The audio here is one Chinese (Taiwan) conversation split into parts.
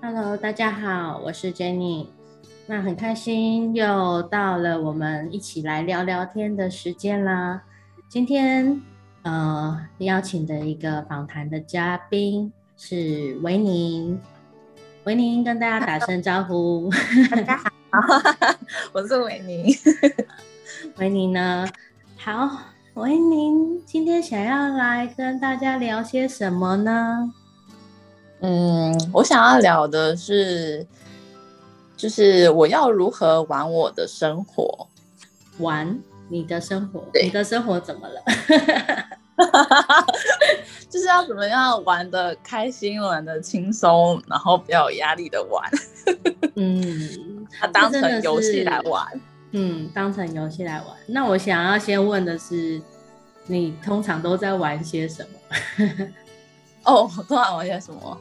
Hello，大家好，我是 Jenny。那很開心又到了我們一起來聊聊天的時間啦。今天呃邀請的一個訪談的嘉賓是韋寧。韋寧跟大家打聲招呼， 大家好， 我是韋寧。韋 寧呢，好，韋寧今天想要來跟大家聊些什麼呢？嗯，我想要聊的是，就是我要如何玩我的生活，玩你的生活，你的生活怎麼了？ 就是要怎麼樣玩的開心，玩的輕鬆，然後不要有壓力的玩。 嗯，他、啊、當成遊戲來玩。嗯，當成遊戲來玩。那我想要先問的是，你通常都在玩些什麼？ 哦，我昨晚我寫什麼？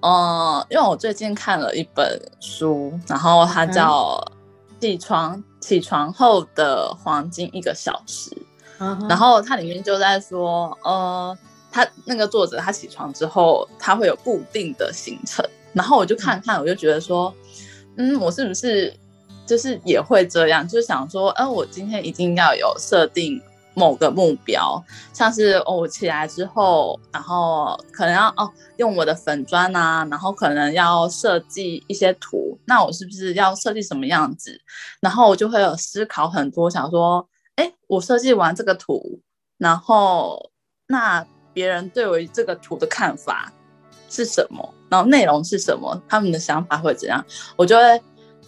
呃，因為我最近看了一本書，然後它叫《起床起床後的黃金一個小時》，然後它裡面就在說，呃，他那個作者他起床之後他會有固定的行程，然後我就看看，我就覺得說，嗯，我是不是就是也會這樣？Thought, just, 就是想說，哎、呃，我今天一定要有設定。某個目標，像是哦我起來之後，然後可能要哦用我的粉專啊，然後可能要設計一些圖，那我是不是要設計什麼樣子？然後我就會有思考很多，想說，誒，我設計完這個圖，然後那別人對我這個圖的看法是什麼？然後內容是什麼？他們的想法會怎樣？我就會，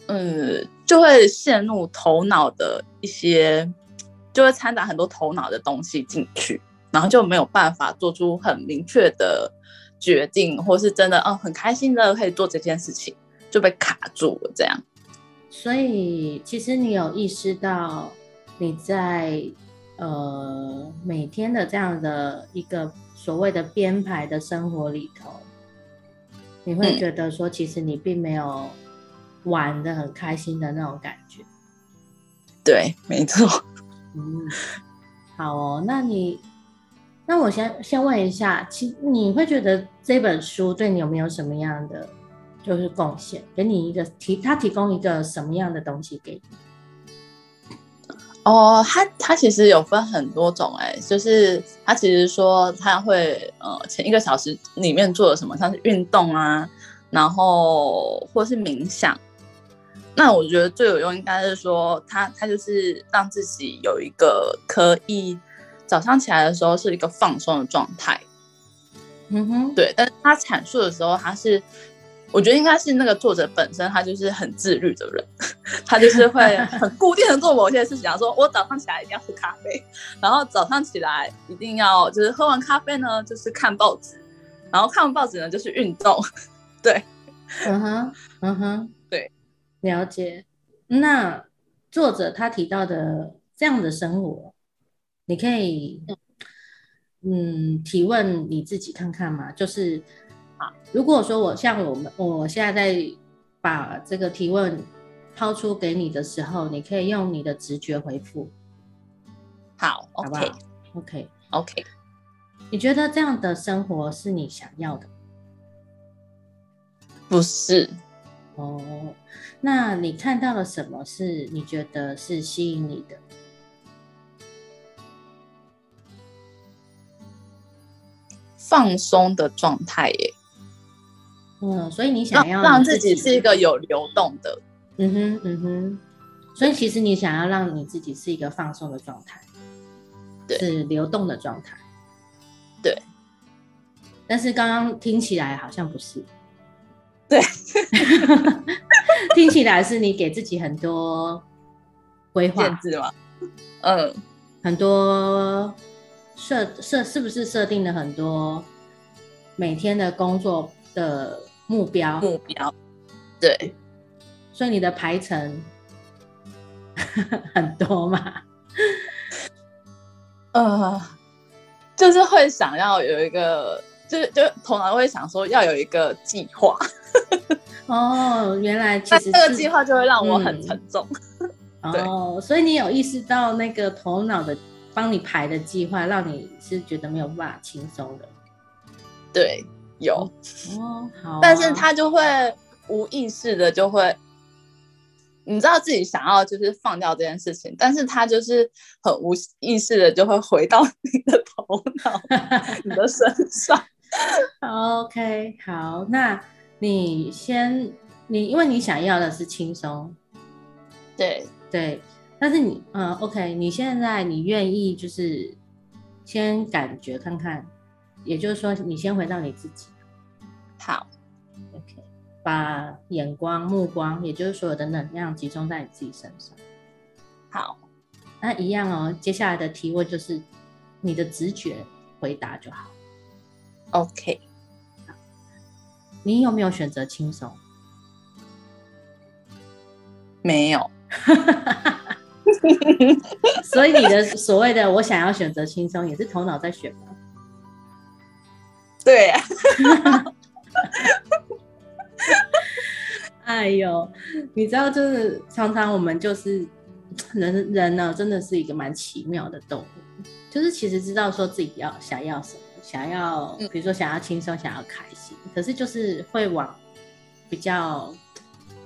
嗯，就會陷入頭腦的一些。就會摻雜很多頭腦的東西進去，然後就沒有辦法做出很明確的決定，或是真的哦，很開心的可以做這件事情，就被卡住了這樣。所以其實你有意識到你在呃每天的這樣的一個所謂的編排的生活裡頭，你會覺得說其實你並沒有玩得很開心的那種感覺？嗯，對，沒錯。嗯，好哦。那你，那我先先問一下，其你會覺得這本書對你有沒有什麼樣的，就是貢獻？給你一個提，他提供一個什麼樣的東西給你？哦，他他其實有分很多種、欸，哎，就是他其實說他會呃，前一個小時裡面做了什麼，像是運動啊，然後或是冥想。那我覺得最有用應該是說他，他他就是讓自己有一個可以早上起來的時候是一個放鬆的狀態。嗯哼，對。但是他闡述的時候，他是我覺得應該是那個作者本身，他就是很自律的人， 他就是會很固定的做某些事情， 說我早上起來一定要喝咖啡，然後早上起來一定要就是喝完咖啡呢，就是看報紙，然後看完報紙呢就是運動。對，嗯哼，嗯哼。了解，那作者他提到的這樣的生活，你可以嗯，嗯提問你自己看看嘛。就是如果說我像我們我現在在把這個提問拋出給你的時候，你可以用你的直覺回復。好，好，好，OK，OK，OK，okay okay。你覺得這樣的生活是你想要的？不是，哦、oh。那你看到了什麼是你覺得是吸引你的放鬆的狀態耶？嗯，所以你想要你自讓自己是一個有流動的，嗯哼，嗯哼。所以其實你想要讓你自己是一個放鬆的狀態，對，是流動的狀態，對。但是剛剛聽起來好像不是，對。 聽起來是你給自己很多規劃限制嘛，嗯，很多設設是不是設定了很多每天的工作的目標？目標，對，所以你的排程 很多嘛？呃，就是會想要有一個，就就通常會想說要有一個計劃。 哦，原來其實這個計劃就會讓我很沉重。嗯。 哦，所以你有意識到那個頭腦的幫你排的計劃，讓你是覺得沒有辦法輕鬆的。對，有。哦，好，啊。但是他就會無意識的就會，你知道自己想要就是放掉這件事情，但是他就是很無意識的就會回到你的頭腦， 你的身上。好 OK，好，那。你先，你因為你想要的是輕鬆，對對，但是你嗯，OK，你現在你願意就是先感覺看看，也就是說你先回到你自己，好，OK，把眼光目光，也就是所有的能量集中在你自己身上，好，那一樣哦，接下來的題目就是你的直覺回答就好，OK。你有沒有選擇輕鬆？沒有， 所以你的所謂的我想要選擇輕鬆，也是頭腦在選嗎？對呀， 哎呦，你知道，就是常常我們就是人，人呢、啊、真的是一個蠻奇妙的動物，就是其實知道說自己要想要什麼。想要，比如說想要輕鬆、嗯，想要開心，可是就是會往比較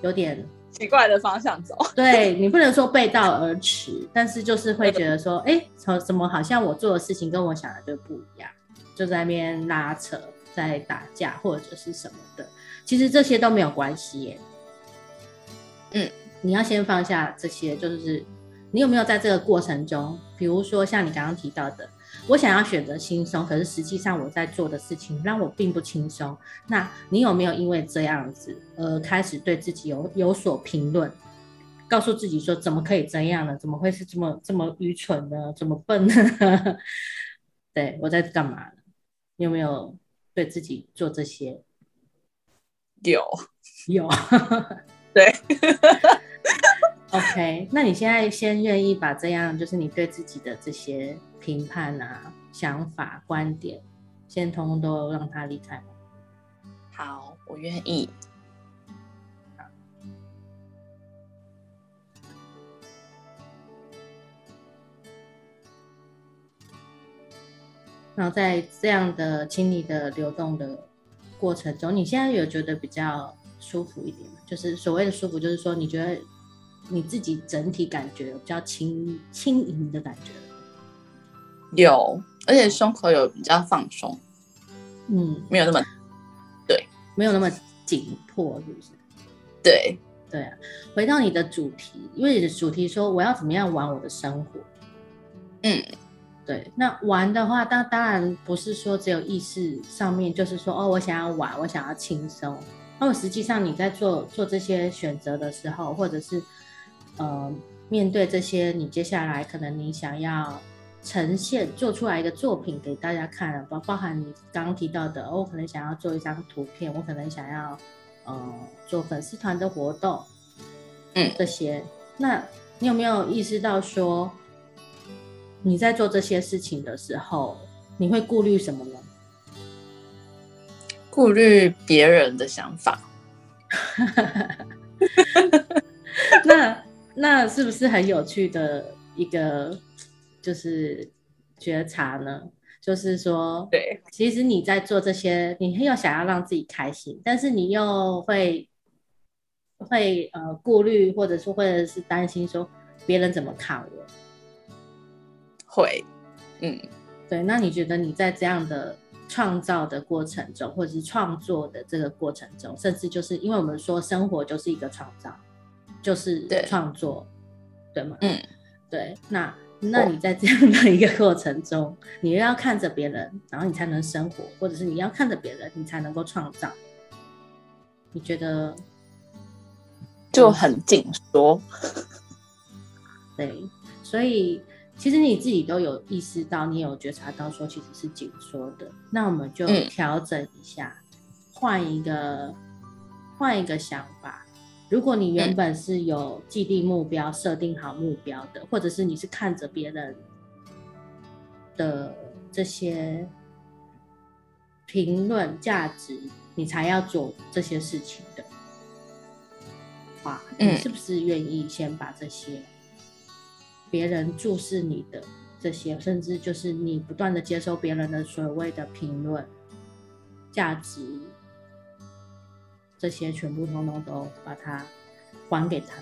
有點奇怪的方向走。對，你不能說背道而馳， 但是就是會覺得說，哎、欸，怎怎麼好像我做的事情跟我想的就不一樣，就在那邊拉扯，在打架或者是什麼的。其實這些都沒有關係耶、欸。嗯，你要先放下這些，就是你有沒有在這個過程中，比如說像你剛剛提到的。我想要選擇輕鬆，可是實際上我在做的事情讓我並不輕鬆。那你有沒有因為這樣子，而，開始對自己有有所評論，告訴自己說怎麼可以這樣呢？怎麼會是這麼這麼愚蠢呢？怎麼笨呢？ 對，我在幹嘛呢？你有沒有對自己做這些？有有， 對 ，OK。那你現在先願意把這樣，就是你對自己的這些。評判啊，想法、觀點，先通通都讓他離開。好，我願意。好。然後在這樣的清理的流動的過程中，你現在有覺得比較舒服一點嗎？就是所謂的舒服，就是說你覺得你自己整體感覺有比較輕輕盈的感覺。有，而且胸口有比較放鬆，嗯，沒有那麼，對，沒有那麼緊迫，是不是？對，對啊。回到你的主題，因為你的主題說，我要怎麼樣玩我的生活，嗯，對。那玩的話，當當然不是說只有意識上面，就是說哦，我想要玩，我想要輕鬆。那麼實際上你在做做這些選擇的時候，或者是呃，面對這些，你接下來可能你想要。呈現做出來一個作品給大家看了，啊，包包含你剛剛提到的，哦，我可能想要做一張圖片，我可能想要呃做粉絲團的活動，嗯，這些，那你有沒有意識到說你在做這些事情的時候，你會顧慮什麼呢？顧慮別人的想法。 那那是不是很有趣的一個？就是覺察呢，就是說，對，其實你在做這些，你又想要讓自己開心，但是你又會會呃顧慮，或者說或者是擔心，說別人怎麼看我？會，嗯，對。那你覺得你在這樣的創造的過程中，或者是創作的這個過程中，甚至就是因為我們說生活就是一個創造，就是創作，對，對嗎？嗯，對，那。那你在這樣的一個過程中，你又要看着別人，然後你才能生活，或者是你要看着別人，你才能夠創造。你覺得就很緊縮。嗯，對，所以其實你自己都有意識到，你有覺察到說其實是緊縮的。那我們就調整一下，換、嗯、一個換一個想法。如果你原本是有既定目標、設、嗯、定好目標的，或者是你是看着別人的這些評論、價值，你才要做這些事情的話，你是不是願意先把這些別人注視你的這些，甚至就是你不斷的接收別人的所謂的評論、價值？這些全部通通都把它還給他。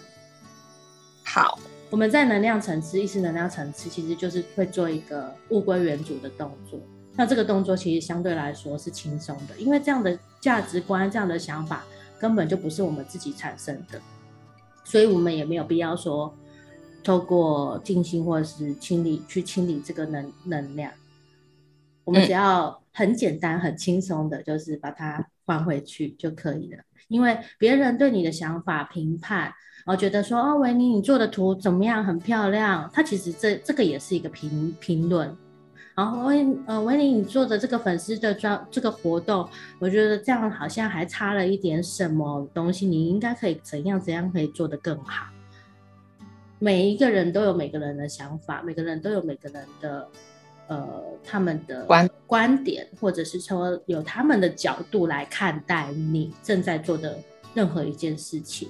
好，我們在能量層次，意識能量層次，其實就是會做一個物歸原主的動作。那這個動作其實相對來說是輕鬆的，因為這樣的價值觀、這樣的想法根本就不是我們自己產生的，所以我們也沒有必要說透過靜心或者是清理去清理這個能能量。我們只要很簡單、嗯、很輕鬆的，就是把它。還回去就可以了，因為別人對你的想法、評判，然、哦、後覺得說：“哦，韋寧，你做的圖怎麼樣？很漂亮。”他其實這這個也是一個評評論。然後韋呃韋寧，你做的這個粉絲的專這個活動，我覺得這樣好像還差了一點什麼東西。你應該可以怎樣怎樣可以做得更好。每一個人都有每個人的想法，每個人都有每個人的。呃，他們的觀點，或者是說，由他們的角度來看待你正在做的任何一件事情，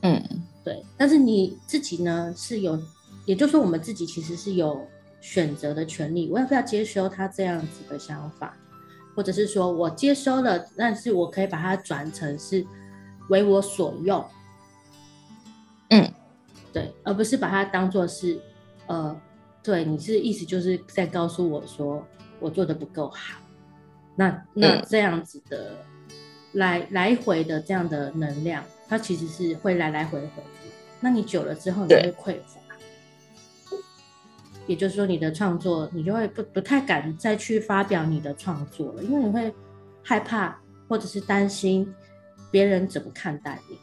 嗯，對。但是你自己呢，是有，也就是說，我們自己其實是有選擇的權利，我要不要接收他這樣子的想法，或者是說我接收了，但是我可以把它轉成是為我所用，嗯，對，而不是把它當做是，呃。對，你是意思就是在告訴我說我做得不夠好。那那這樣子的、嗯、來來回的這樣的能量，它其實是會來來回回。那你久了之後，你就會匱乏。也就是說，你的創作，你就會不不太敢再去發表你的創作了，因為你會害怕或者是擔心別人怎麼看待你。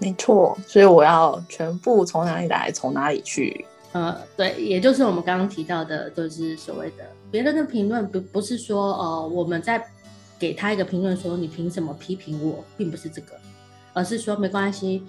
沒錯，所以我要全部從哪裡來，從哪裡去。呃，對，也就是我們剛剛提到的，就是所謂的別人的評論不，不不是說，呃，我們在給他一個評論，說你憑什麼批評我，並不是這個，而是說沒關係，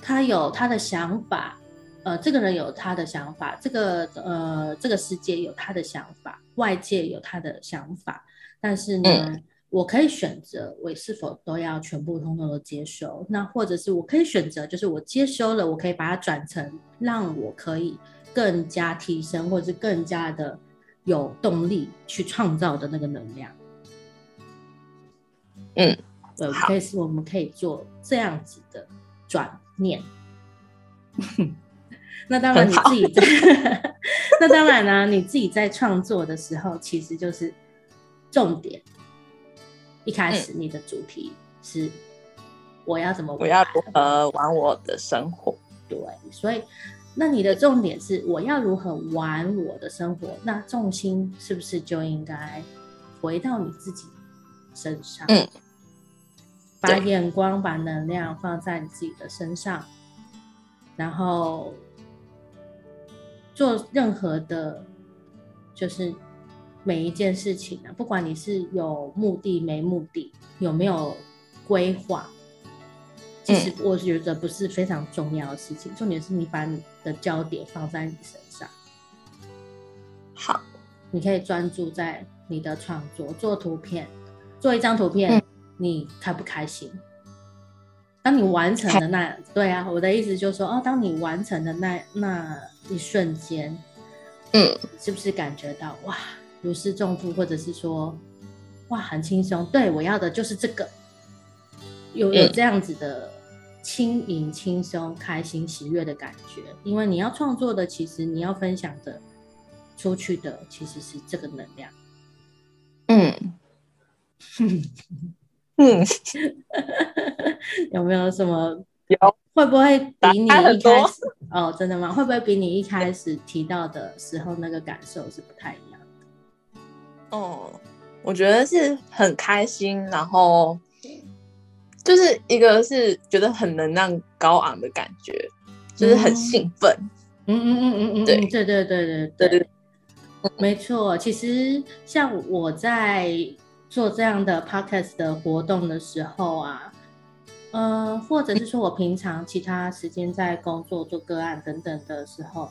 他有他的想法，呃，這個人有他的想法，這個呃，這個世界有他的想法，外界有他的想法，但是呢，嗯我可以選擇，我是否都要全部通通都接收？那或者是我可以選擇，就是我接收了，我可以把它轉成讓我可以更加提升，或者是更加的有動力去創造的那個能量。嗯，對，可以是我們可以做這樣子的轉念。 那當然你自己在， 那當然呢，啊，你自己在創作的時候，其實就是重點。一開始你的主題是我要怎麼玩？我要如何玩我的生活？對，所以那你的重點是我要如何玩我的生活？那重心是不是就應該回到你自己身上？嗯，把眼光、把能量放在你自己的身上，然後做任何的，就是。每一件事情啊，不管你是有目的沒目的，有沒有規劃，其實我是覺得不是非常重要的事情，嗯。重點是你把你的焦點放在你身上，好，你可以專注在你的創作，做圖片，做一張圖片，嗯，你開不開心？當你完成的那，對啊，我的意思就是說，哦，當你完成的那那一瞬間，嗯，是不是感覺到哇？如釋重負，或者是說，哇，很輕鬆。對，我要的就是這個。有有這樣子的輕盈、輕鬆、開心、喜悅的感覺。因為你要創作的，其實你要分享的出去的，其實是這個能量。嗯， 嗯， 有沒有什麼？有，會不會比你一開始，打開很多？哦，真的嗎？會不會比你一開始提到的時候那個感受是不太一樣？哦、oh，我覺得是很開心，然後就是一個是覺得很能量高昂的感覺，mm -hmm. 就是很興奮。嗯嗯嗯嗯嗯，mm -hmm. 對對對對對，對，對，對、mm -hmm. 沒錯。其實像我在做這樣的 podcast 的活動的時候啊、呃，或者是說我平常其他時間在工作做個案等等的時候，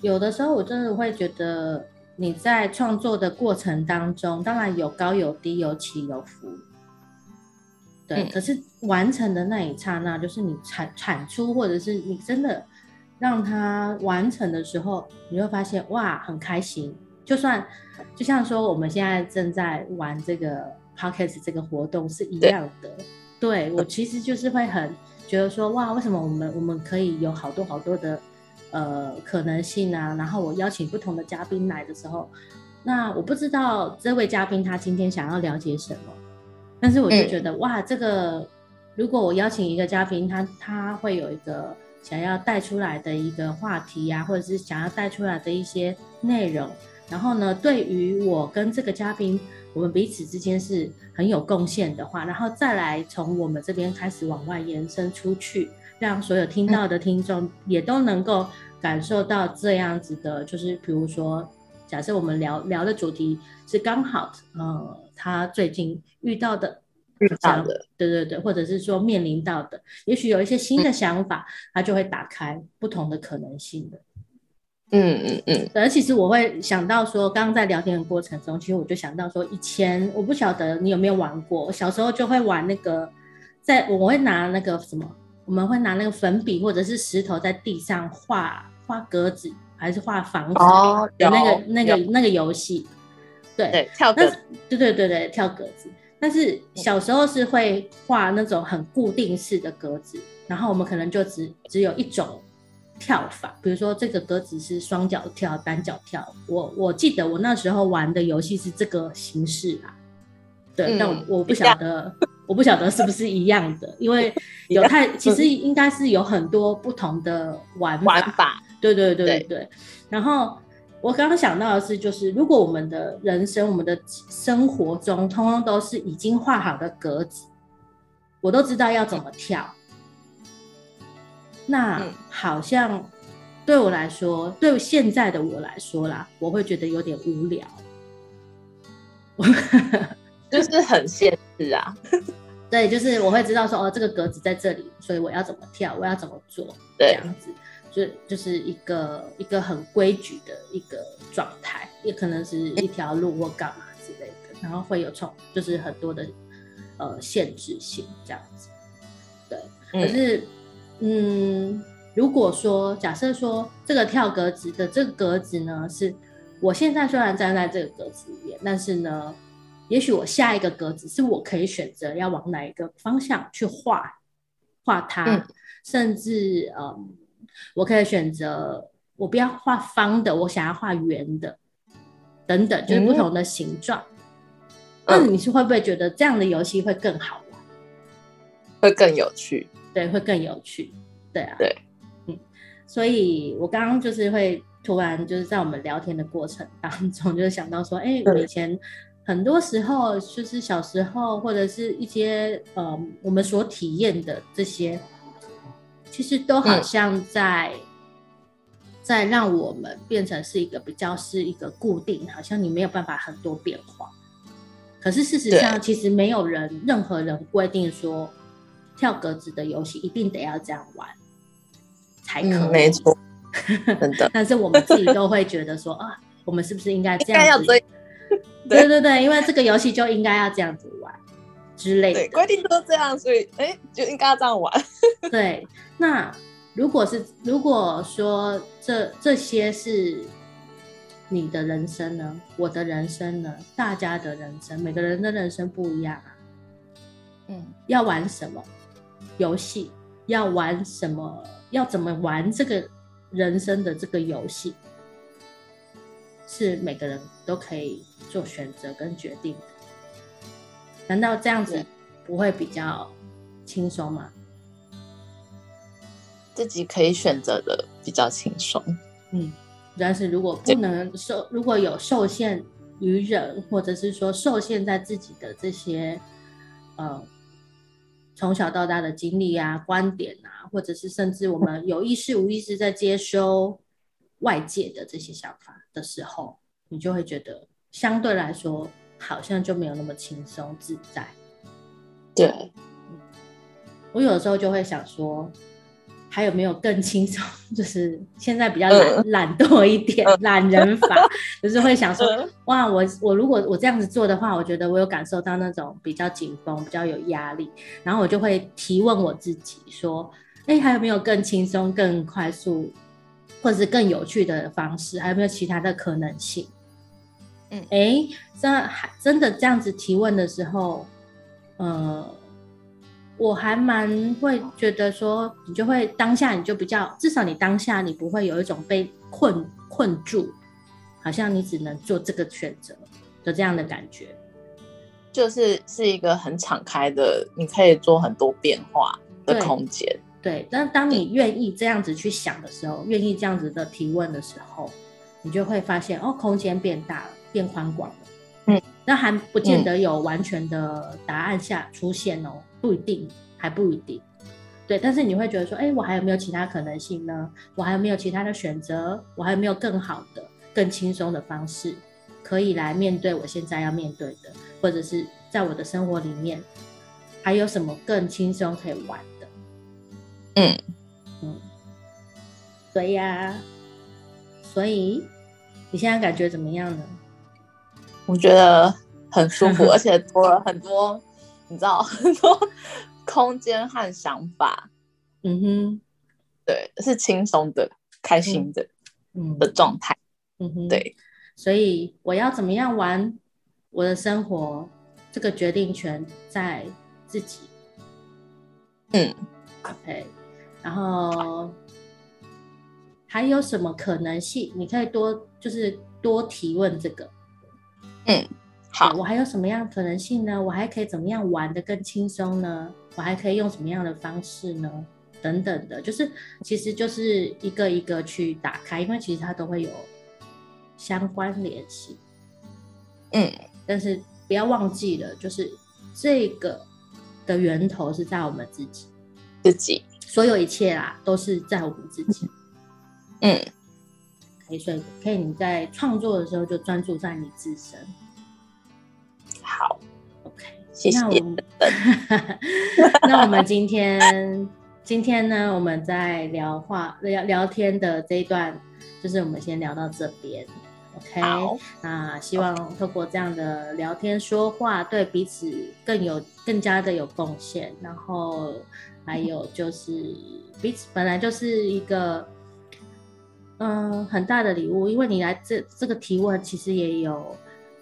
有的時候我真的會覺得。你在創作的過程當中，當然有高有低，有起有伏，對、嗯。可是完成的那一剎那，就是你產產出，或者是你真的讓它完成的時候，你會發現哇，很開心。就算就像說我們現在正在玩這個 podcast 這個活動是一樣的，對，對我其實就是會很覺得說哇，為什麼我們我們可以有好多好多的。呃，可能性啊，然後我邀請不同的嘉賓來的時候，那我不知道這位嘉賓他今天想要了解什麼，但是我就覺得、欸、哇，這個如果我邀請一個嘉賓，他他會有一個想要帶出來的一個話題啊，或者是想要帶出來的一些內容，然後呢，對於我跟這個嘉賓，我們彼此之間是很有貢獻的話，然後再來從我們這邊開始往外延伸出去。讓所有聽到的聽眾也都能夠感受到這樣子的，嗯、就是比如說，假設我們聊聊的主題是剛好，嗯、呃，他最近遇到的遇到的、啊，對對對，或者是說面臨到的，也許有一些新的想法、嗯，他就會打開不同的可能性的。嗯嗯嗯。而其實我會想到說，剛剛在聊天的過程中，其實我就想到說，以前我不曉得你有沒有玩過，小時候就會玩那個，在我會拿那個什麼。我們會拿那個粉筆或者是石頭在地上畫畫格子，還是畫房子的、哦、那個有那個那個遊戲，對，跳格，對對對對，跳格子。但是小時候是會畫那種很固定式的格子，然後我們可能就只只有一種跳法，比如說這個格子是雙腳跳、單腳跳。我我記得我那時候玩的遊戲是這個形式吧？對、嗯，但我不曉得。 我不曉得是不是一樣的，因為有太其實應該是有很多不同的玩法。玩法。對對對對。對。然後我剛剛想到的是，就是如果我們的人生、我們的生活中，通通都是已經畫好的格子，我都知道要怎麼跳，嗯、那好像對我來說、嗯，對現在的我來說啦，我會覺得有點無聊， 就是很現實啊。對，就是我會知道說，哦，這個格子在這裡，所以我要怎麼跳，我要怎麼做，這樣子，就就是一個一個很規矩的一個狀態，也可能是一條路或幹嘛之類的，然後會有從就是很多的呃限制性這樣子。對，可是嗯，嗯，如果說假設說這個跳格子的這個格子呢，是我現在雖然站在這個格子裡面，但是呢。也許我下一個格子是我可以選擇要往哪一個方向去畫，畫它、嗯，甚至嗯，我可以選擇我不要畫方的，我想要畫圓的，等等，就是不同的形狀。嗯，你是會不會覺得這樣的遊戲會更好玩？會更有趣？對，會更有趣。對啊，對，嗯，所以我剛剛就是會突然就是在我們聊天的過程當中，就想到說，哎、欸，我以前、嗯。很多時候就是小時候，或者是一些呃，我們所體驗的這些，其實都好像在、嗯、在讓我們變成是一個比較是一個固定，好像你沒有辦法很多變化。可是事實上，其實沒有人，任何人規定說跳格子的遊戲一定得要這樣玩才可以、嗯，沒錯，真的， 但是我們自己都會覺得說 啊，我們是不是應該這樣子？對對對，因為這個遊戲就應該要這樣子玩，之類的規定都這樣，所以哎、欸，就應該要這樣玩。 對，那如果是如果說這這些是你的人生呢，我的人生呢，大家的人生，每個人的人生不一樣啊。嗯，要玩什麼遊戲？要玩什麼？要怎麼玩這個人生的這個遊戲？是每個人都可以做選擇跟決定的，難道這樣子不會比較輕鬆嗎？自己可以選擇的比較輕鬆，嗯，但是如果不能受，如果有受限於人，或者是說受限在自己的這些，呃，從小到大的經歷啊、觀點啊，或者是甚至我們有意識無意識在接收外界的這些想法。的時候，你就會覺得相對來說好像就沒有那麼輕鬆自在。對，我有時候就會想說，還有沒有更輕鬆？就是現在比較懶、嗯、懶惰一點，嗯、懶人法，就是會想說，哇，我我如果我這樣子做的話，我覺得我有感受到那種比較緊繃、比較有壓力，然後我就會提問我自己說，誒、欸，還有沒有更輕鬆、更快速？或者是更有趣的方式，還有沒有其他的可能性？嗯，真、欸、還真的這樣子提問的時候，呃，我還蠻會覺得說，你就會當下你就比較，至少你當下你不會有一種被困困住，好像你只能做這個選擇的這樣的感覺，就是是一個很敞開的，你可以做很多變化的空間。對，但當你願意這樣子去想的時候，嗯、願意這樣子的提問的時候，你就會發現哦，空間變大了，變寬廣了。嗯，那還不見得有完全的答案下出現哦，嗯、不一定，還不一定。對，但是你會覺得說，哎、欸，我還有沒有其他可能性呢？我還有沒有其他的選擇？我還有沒有更好的、更輕鬆的方式，可以來面對我現在要面對的，或者是在我的生活裡面，還有什麼更輕鬆可以玩？嗯嗯，對呀、啊，所以你現在感覺怎麼樣呢？我覺得很舒服，而且多了很多， 你知道，很多空間和想法。嗯哼，對，是輕鬆的、開心的，嗯、的狀態。嗯哼，對。所以我要怎麼樣玩我的生活，這個決定權在自己。嗯，OK。然後還有什麼可能性？你可以多就是多提問這個。嗯，好，我還有什麼樣可能性呢？我還可以怎麼樣玩得更輕鬆呢？我還可以用什麼樣的方式呢？等等的，就是其實就是一個一個去打開，因為其實它都會有相關聯繫。嗯，但是不要忘記了，就是這個的源頭是在我們自己，自己。所有一切啦，都是在我們自己。嗯，可以，所以可以你在創作的時候就專注在你自身。好，OK，謝謝。那我們，嗯、 那我們今天， 今天呢，我們在聊話、聊聊天的這一段，就是我們先聊到這邊，OK。那、啊、希望透過這樣的聊天，okay. 聊天說話，對彼此更有、更加的有貢獻，然後。還有就是彼此本來就是一個，嗯，很大的禮物。因為你來這這個提問，其實也有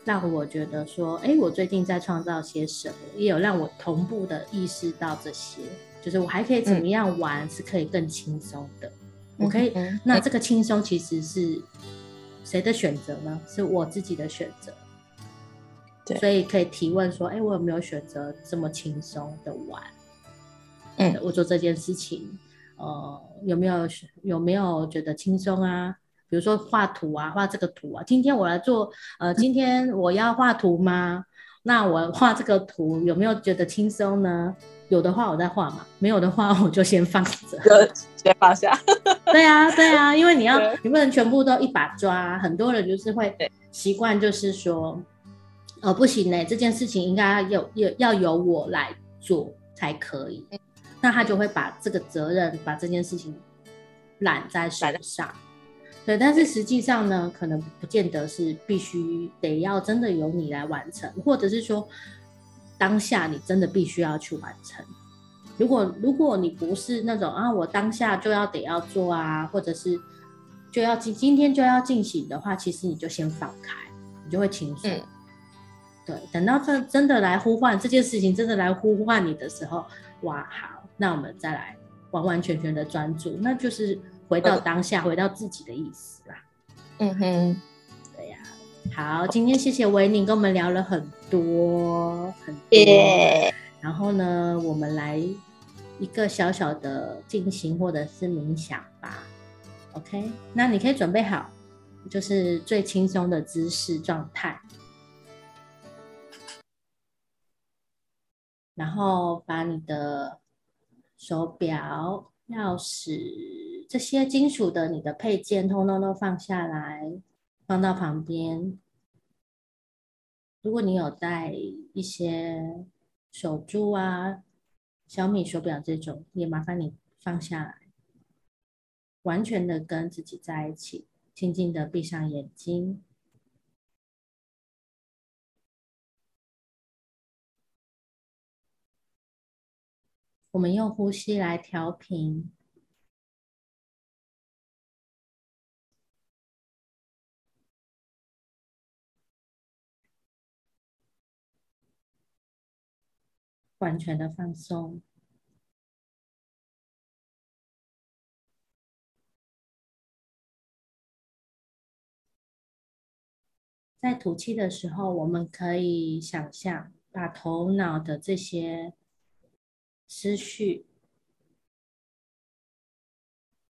讓我覺得說，哎，我最近在創造些什麼，也有讓我同步的意識到這些，就是我還可以怎麼樣玩是可以更輕鬆的。我可以，嗯嗯，那這個輕鬆其實是誰的選擇呢？是我自己的選擇。對，所以可以提問說，哎，我有沒有選擇這麼輕鬆的玩？嗯、我做這件事情，呃，有沒有有沒有覺得輕鬆啊？比如說畫圖啊，畫這個圖啊。今天我來做，呃，今天我要畫圖嗎？那我畫這個圖有沒有覺得輕鬆呢？有的話，我再畫嘛；沒有的話，我就先放着，先放下。 對啊，對啊，因為你要，你不能全部都一把抓。很多人就是會習慣，就是說，哦、不行呢，這件事情應該要，要，要由我來做才可以。那他就會把這個責任，把這件事情攬在手上，對。但是實際上呢，可能不見得是必須得要真的由你來完成，或者是說當下你真的必須要去完成。如果如果你不是那種啊，我當下就要得要做啊，或者是就要今今天就要進行的話，其實你就先放開，你就會輕鬆。嗯。對，等到真的這真的來呼喚這件事情，真的來呼喚你的時候，哇，好。那我們再來完完全全的專注，那就是回到當下，嗯、回到自己的意思啦。嗯哼，對呀、啊。好，今天謝謝韋寧跟我們聊了很多很多。然後呢，我們來一個小小的靜心或者是冥想吧。OK，那你可以準備好，就是最輕鬆的姿勢狀態，然後把你的。手表、鑰匙這些金屬的你的配件，通通都放下來，放到旁邊。如果你有帶一些手珠啊、小米手表這種，也麻煩你放下來，完全的跟自己在一起，靜靜的閉上眼睛。我們用呼吸來調頻，完全的放鬆。在吐氣的時候，我們可以想象把頭腦的這些。思緒，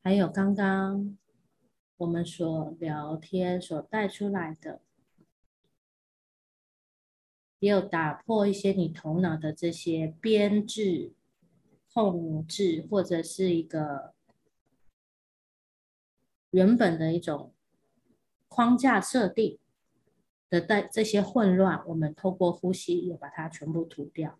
還有剛剛我們所聊天所帶出來的，也有打破一些你頭腦的這些編製、控制，或者是一個原本的一種框架設定的帶這些混亂，我們透過呼吸也把它全部吐掉。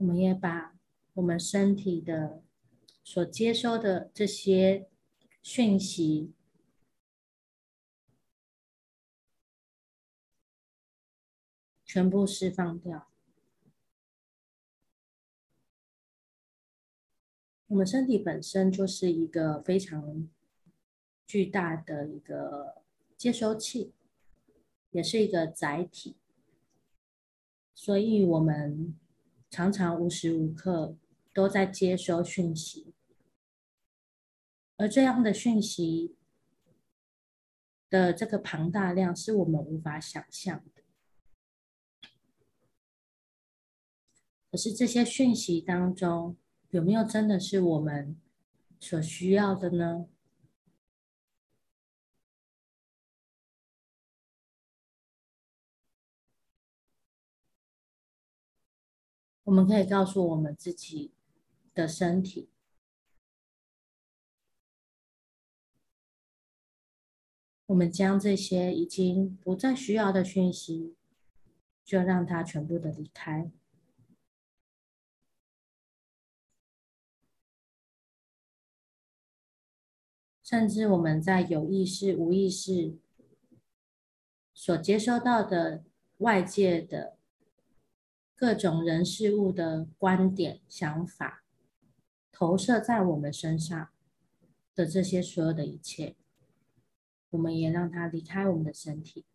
我們也把我們身體的所接收的這些訊息全部釋放掉。我們身體本身就是一個非常巨大的一個接收器，也是一個載體。所以我們。常常無時無刻都在接收訊息，而這樣的訊息的這個龐大量是我們無法想象的。可是這些訊息當中，有沒有真的是我們所需要的呢？我們可以告訴我們自己的身體，我們將這些已經不再需要的訊息，就讓它全部的離開。甚至我們在有意識、無意識所接收到的外界的。各種人事物的觀點、想法，投射在我們身上的這些所有的一切，我們也讓它離開我們的身體。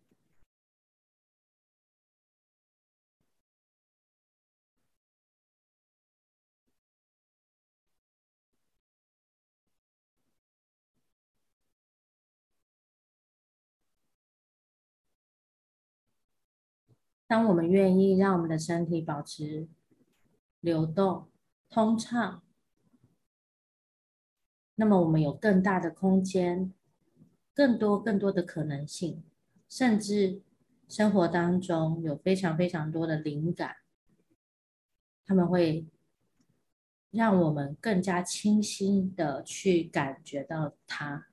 當我們願意讓我們的身體保持流動通暢，那麼我們有更大的空間，更多更多的可能性，甚至生活當中有非常非常多的靈感，它們會讓我們更加清晰的去感覺到它，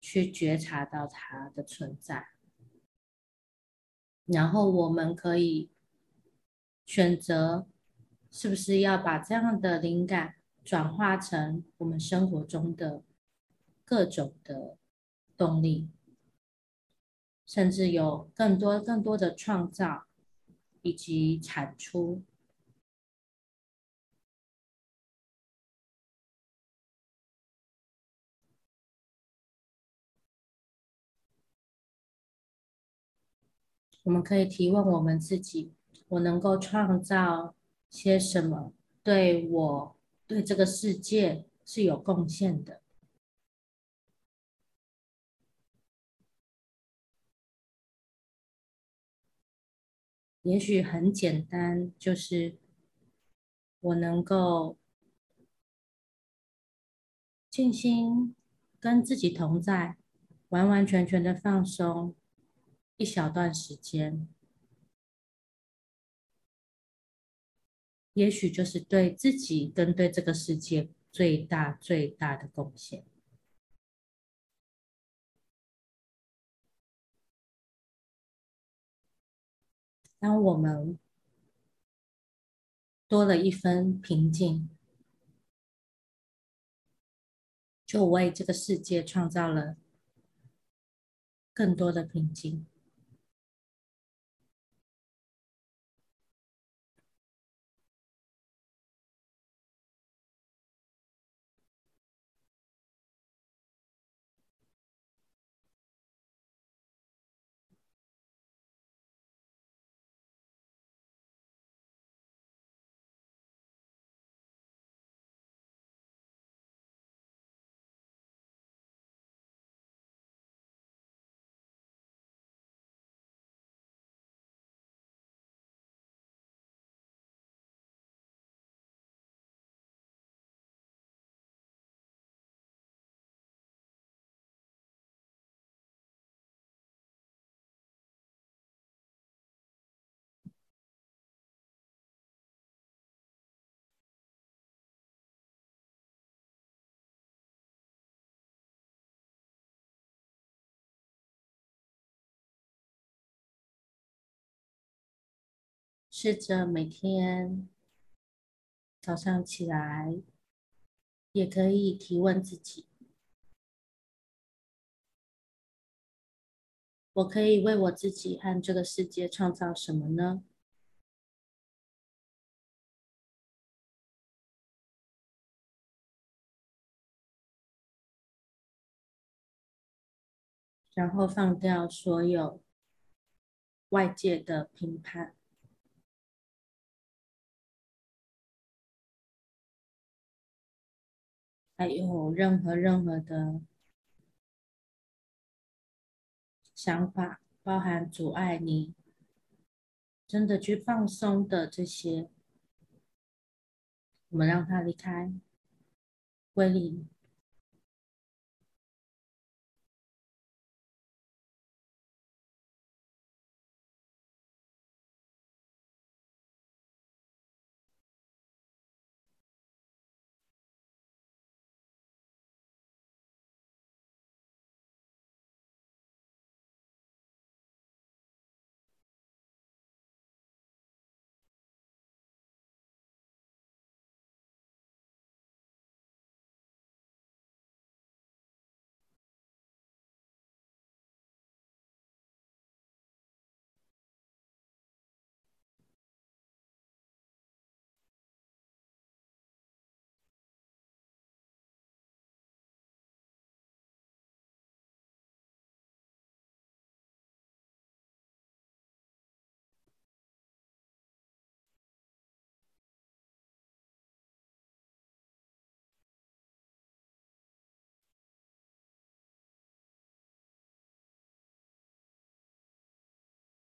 去覺察到它的存在。然後我們可以選擇，是不是要把這樣的靈感轉化成我們生活中的各種的動力，甚至有更多更多的創造以及產出。我們可以提問我們自己：我能夠創造些什麼？對我、對這個世界是有貢獻的。也許很簡單，就是我能夠靜心，跟自己同在，完完全全的放鬆。一小段時間，也許就是對自己跟對這個世界最大最大的貢獻。當我們多了一分平靜，就為這個世界創造了更多的平靜。試着每天早上起來，也可以提問自己：我可以為我自己和這個世界創造什麼呢？然後放掉所有外界的評判。還有任何任何的想法，包含阻礙你真的去放鬆的這些，我們讓它離開，歸零。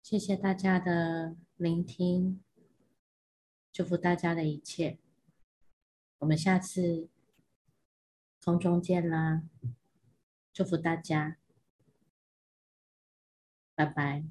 謝謝大家的聆聽，祝福大家的一切。我們下次空中見啦，祝福大家。拜拜。